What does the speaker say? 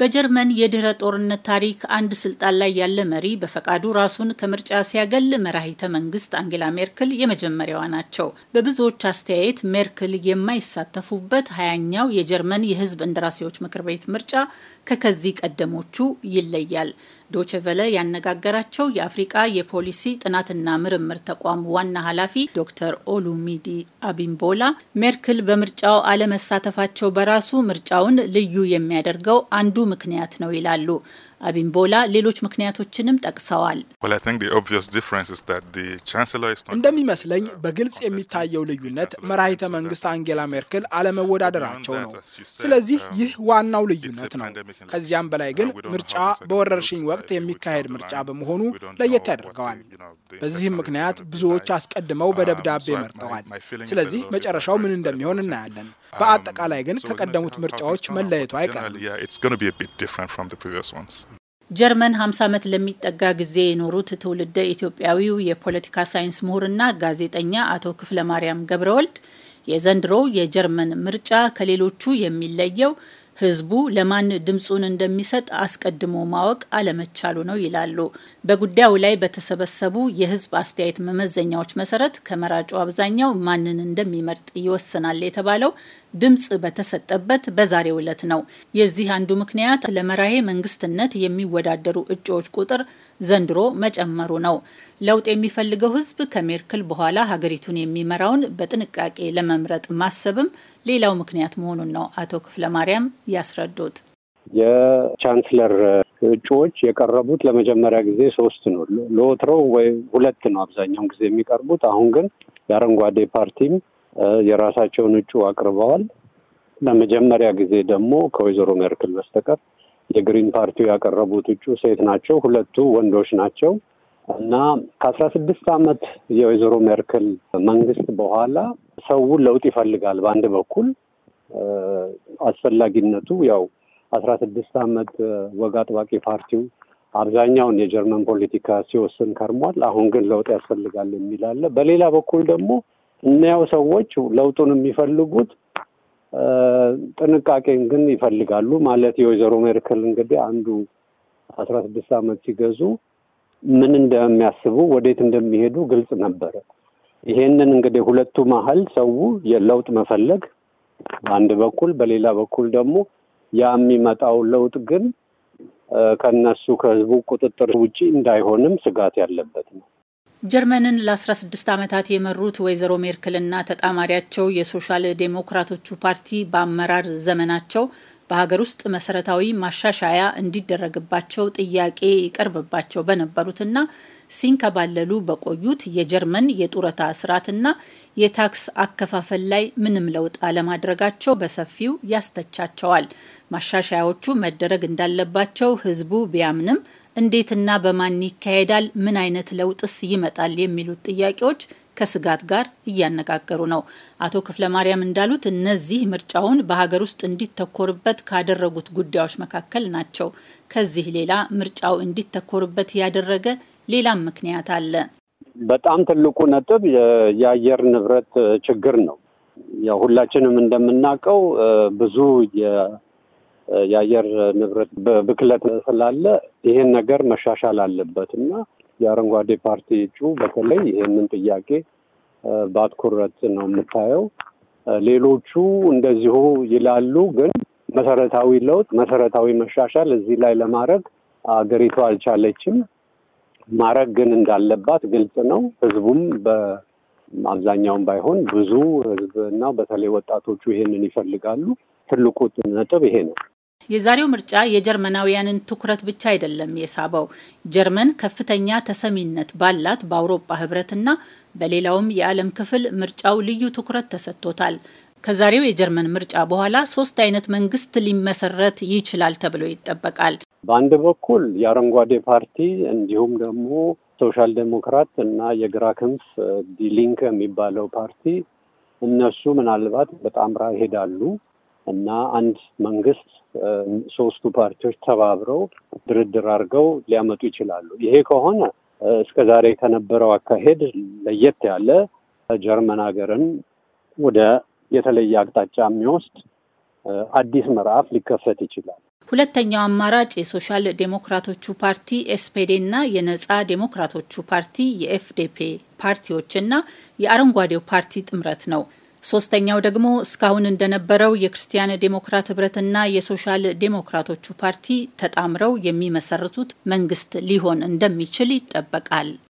በጀርመን የድህረ ጦርነት ታሪክ አንድ ስልጣን ላይ ያለ መሪ በፈቃዱ ራሱን ከምርጫ ሲያገል መራሂተ መንግስት አንጌላ ሜርክል የመጀመሪያዋ ናቸው። በብዙዎች አስተያየት ሜርክል የማይሳተፉበት ሀያኛው የጀርመን የህዝብ እንደራሴዎች ምክር ቤት ምርጫ ከከዚህ ቀደሞቹ ይለያል። ዶችቨለ ያነጋገራቸው የአፍሪቃ የፖሊሲ ጥናትና ምርምር ተቋም ዋና ኃላፊ ዶክተር ኦሉሚዲ አቢምቦላ ሜርክል በምርጫው አለመሳተፋቸው በራሱ ምርጫውን ልዩ የሚያደርገው አንዱ ምክንያት ነው ይላሉ። አቢምቦላ ሌሎች ምክንያቶችንም ጠቅሰዋል። እንደሚመስለኝ በግልጽ የሚታየው ልዩነት መራሂተ መንግስት አንጌላ ሜርክል አለመወዳደራቸው ነው። ስለዚህ ይህ ዋናው ልዩነት ነው። ከዚያም በላይ ግን ምርጫ በወረርሽኝ ወቅት የሚካሄድ ምርጫ በመሆኑ ለየት ያደርገዋል። በዚህም ምክንያት ብዙዎች አስቀድመው በደብዳቤ መርጠዋል። ስለዚህ መጨረሻው ምን እንደሚሆን እናያለን። በአጠቃላይ ግን ከቀደሙት ምርጫዎች መለየቱ አይቀርም። ጀርመን 50 ዓመት ለሚጠጋ ጊዜ የኖሩት ትውልደ ኢትዮጵያዊው የፖለቲካ ሳይንስ ምሁርና ጋዜጠኛ አቶ ክፍለ ማርያም ገብረወልድ የዘንድሮው የጀርመን ምርጫ ከሌሎቹ የሚለየው ህዝቡ ለማን ድምፁን እንደሚሰጥ አስቀድሞ ማወቅ አለመቻሉ ነው ይላሉ። በጉዳዩ ላይ በተሰበሰቡ የህዝብ አስተያየት መመዘኛዎች መሰረት ከመራጩ አብዛኛው ማንን እንደሚመርጥ ይወስናል የተባለው ድምፅ በተሰጠበት በዛሬው ዕለት ነው። የዚህ አንዱ ምክንያት ለመራሄ መንግስትነት የሚወዳደሩ እጩዎች ቁጥር ዘንድሮ መጨመሩ ነው። ለውጥ የሚፈልገው ህዝብ ከሜርክል በኋላ ሀገሪቱን የሚመራውን በጥንቃቄ ለመምረጥ ማሰብም ሌላው ምክንያት መሆኑን ነው አቶ ክፍለ ማርያም ያስረዱት። የቻንስለር እጩዎች የቀረቡት ለመጀመሪያ ጊዜ ሶስት ነው። ለወትሮው ወይ ሁለት ነው አብዛኛውን ጊዜ የሚቀርቡት። አሁን ግን የአረንጓዴ ፓርቲም የራሳቸውን እጩ አቅርበዋል። ለመጀመሪያ ጊዜ ደግሞ ከወይዘሮ ሜርክል በስተቀር የግሪን ፓርቲው ያቀረቡት እጩ ሴት ናቸው። ሁለቱ ወንዶች ናቸው እና ከአስራ ስድስት ዓመት የወይዘሮ ሜርክል መንግስት በኋላ ሰው ለውጥ ይፈልጋል። በአንድ በኩል አስፈላጊነቱ ያው አስራ ስድስት ዓመት ወግ አጥባቂ ፓርቲው አብዛኛውን የጀርመን ፖለቲካ ሲወስን ከርሟል። አሁን ግን ለውጥ ያስፈልጋል የሚል አለ። በሌላ በኩል ደግሞ እናያው ሰዎች ለውጡን የሚፈልጉት ጥንቃቄን ግን ይፈልጋሉ። ማለት የወይዘሮ ሜርክል እንግዲህ አንዱ አስራ ስድስት ዓመት ሲገዙ ምን እንደሚያስቡ ወዴት እንደሚሄዱ ግልጽ ነበረ። ይሄንን እንግዲህ ሁለቱ መሀል ሰው የለውጥ መፈለግ በአንድ በኩል፣ በሌላ በኩል ደግሞ ያ የሚመጣው ለውጥ ግን ከነሱ ከህዝቡ ቁጥጥር ውጪ እንዳይሆንም ስጋት ያለበት ነው። ጀርመንን ለ16 ዓመታት የመሩት ወይዘሮ ሜርክልና ተጣማሪያቸው የሶሻል ዴሞክራቶቹ ፓርቲ በአመራር ዘመናቸው በሀገር ውስጥ መሰረታዊ ማሻሻያ እንዲደረግባቸው ጥያቄ ይቀርብባቸው በነበሩትና ሲንከባለሉ በቆዩት የጀርመን የጡረታ ስርዓትና የታክስ አከፋፈል ላይ ምንም ለውጥ አለማድረጋቸው በሰፊው ያስተቻቸዋል። ማሻሻያዎቹ መደረግ እንዳለባቸው ሕዝቡ ቢያምንም እንዴትና በማን ይካሄዳል? ምን አይነት ለውጥስ ይመጣል? የሚሉት ጥያቄዎች ከስጋት ጋር እያነጋገሩ ነው። አቶ ክፍለ ማርያም እንዳሉት እነዚህ ምርጫውን በሀገር ውስጥ እንዲተኮርበት ካደረጉት ጉዳዮች መካከል ናቸው። ከዚህ ሌላ ምርጫው እንዲተኮርበት ያደረገ ሌላም ምክንያት አለ። በጣም ትልቁ ነጥብ የአየር ንብረት ችግር ነው። ሁላችንም እንደምናውቀው ብዙ የአየር ንብረት ብክለት ስላለ ይሄን ነገር መሻሻል አለበት እና የአረንጓዴ ፓርቲ እጩ በተለይ ይህንን ጥያቄ በአትኩረት ነው የምታየው። ሌሎቹ እንደዚሁ ይላሉ፣ ግን መሰረታዊ ለውጥ መሰረታዊ መሻሻል እዚህ ላይ ለማድረግ አገሪቱ አልቻለችም። ማድረግ ግን እንዳለባት ግልጽ ነው። ህዝቡም በአብዛኛውም ባይሆን ብዙ ህዝብ እና በተለይ ወጣቶቹ ይሄንን ይፈልጋሉ። ትልቁ ነጥብ ይሄ ነው። የዛሬው ምርጫ የጀርመናውያንን ትኩረት ብቻ አይደለም የሳበው። ጀርመን ከፍተኛ ተሰሚነት ባላት በአውሮፓ ህብረትና በሌላውም የዓለም ክፍል ምርጫው ልዩ ትኩረት ተሰጥቶታል። ከዛሬው የጀርመን ምርጫ በኋላ ሶስት አይነት መንግስት ሊመሰረት ይችላል ተብሎ ይጠበቃል። በአንድ በኩል የአረንጓዴ ፓርቲ እንዲሁም ደግሞ ሶሻል ዴሞክራት እና የግራ ክንፍ ዲሊንክ የሚባለው ፓርቲ እነሱ ምናልባት በጣምራ ይሄዳሉ። እና አንድ መንግስት ሶስቱ ፓርቲዎች ተባብረው ድርድር አድርገው ሊያመጡ ይችላሉ። ይሄ ከሆነ እስከ ዛሬ ከነበረው አካሄድ ለየት ያለ ጀርመን ሀገርን ወደ የተለየ አቅጣጫ የሚወስድ አዲስ ምዕራፍ ሊከፈት ይችላል። ሁለተኛው አማራጭ የሶሻል ዴሞክራቶቹ ፓርቲ ኤስፔዴ እና የነጻ ዴሞክራቶቹ ፓርቲ የኤፍዴፔ እና የአረንጓዴው ፓርቲ ጥምረት ነው። ሶስተኛው ደግሞ እስካሁን እንደነበረው የክርስቲያን ዴሞክራት ህብረትና የሶሻል ዴሞክራቶቹ ፓርቲ ተጣምረው የሚመሰርቱት መንግስት ሊሆን እንደሚችል ይጠበቃል።